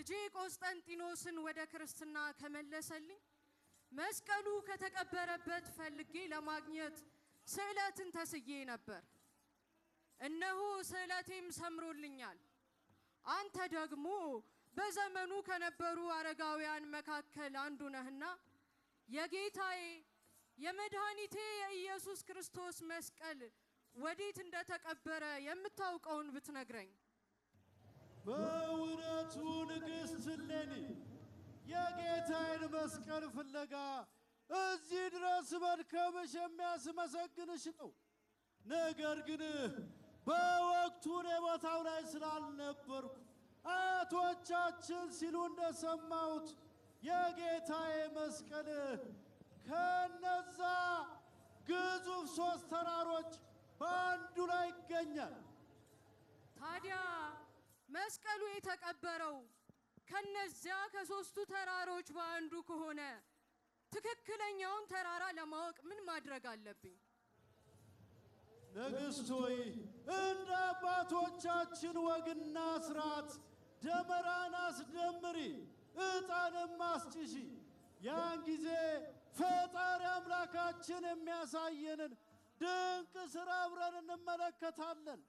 ልጄ ቆስጠንጢኖስን ወደ ክርስትና ከመለሰልኝ መስቀሉ ከተቀበረበት ፈልጌ ለማግኘት ስዕለትን ተስዬ ነበር። እነሆ ስዕለቴም ሰምሮልኛል። አንተ ደግሞ በዘመኑ ከነበሩ አረጋውያን መካከል አንዱ ነህና የጌታዬ የመድኃኒቴ የኢየሱስ ክርስቶስ መስቀል ወዴት እንደተቀበረ የምታውቀውን ብትነግረኝ በእውነቱ ንግሥት እሌኒ የጌታዬን መስቀል ፍለጋ እዚህ ድረስ መድከምሽ የሚያስመሰግንሽ ነው። ነገር ግን በወቅቱ እኔ ቦታው ላይ ስላልነበርኩ አያቶቻችን ሲሉ እንደሰማሁት የጌታዬ መስቀል ከነዛ ግዙፍ ሦስት ተራሮች በአንዱ ላይ ይገኛል። ታዲያ መስቀሉ የተቀበረው ከነዚያ ከሶስቱ ተራሮች በአንዱ ከሆነ ትክክለኛውን ተራራ ለማወቅ ምን ማድረግ አለብኝ? ንግሥት ሆይ እንደ አባቶቻችን ወግና ስርዓት ደመራን አስደምሪ፣ ዕጣንም አስጭሺ። ያን ጊዜ ፈጣሪ አምላካችን የሚያሳየንን ድንቅ ሥራ አብረን እንመለከታለን።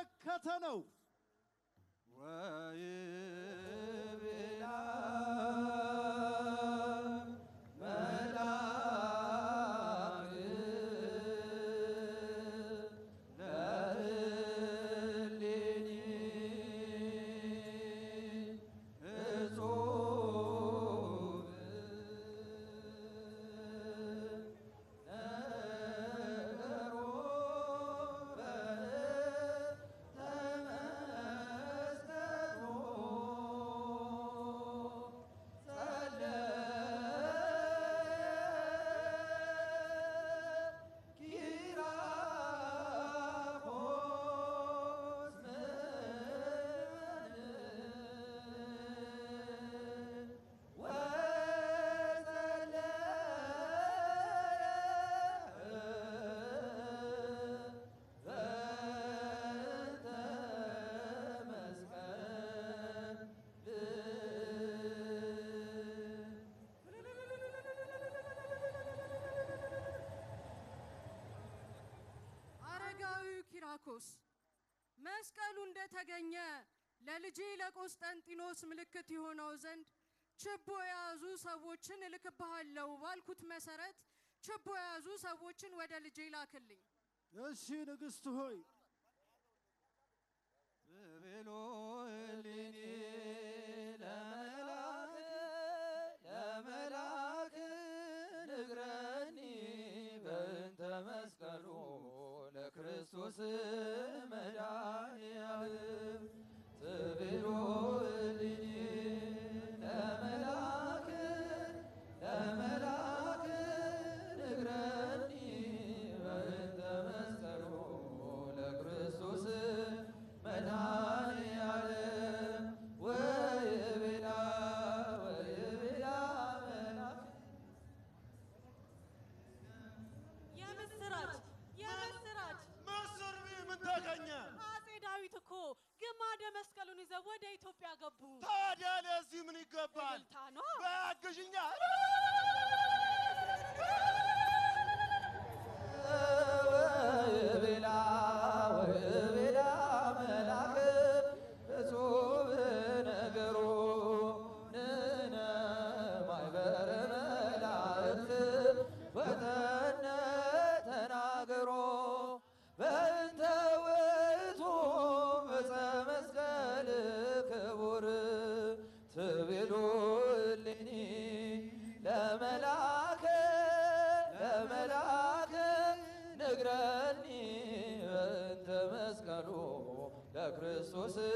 የተመለከተ የተገኘ ለልጄ ለቆስጠንጢኖስ ምልክት የሆነው ዘንድ ችቦ የያዙ ሰዎችን እልክብሃለሁ ባልኩት መሰረት ችቦ የያዙ ሰዎችን ወደ ልጄ ላክልኝ። እሺ ንግሥት ሆይ አደ መስቀሉን ይዘው ወደ ኢትዮጵያ ገቡ። ታዲያ ለዚህ ምን ይገባል? በያግዥኛ Jesus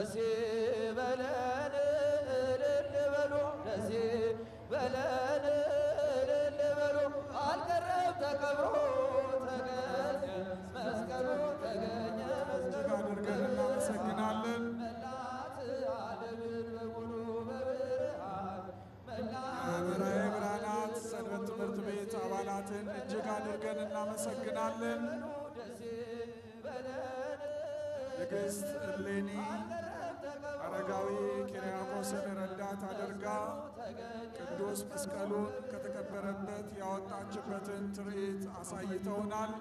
رسيل ቅድስት እሌኒ አረጋዊ ኪሪያቆስን ረዳት አድርጋ ቅዱስ መስቀሉን ከተከበረበት ያወጣችበትን ትርኢት አሳይተውናል።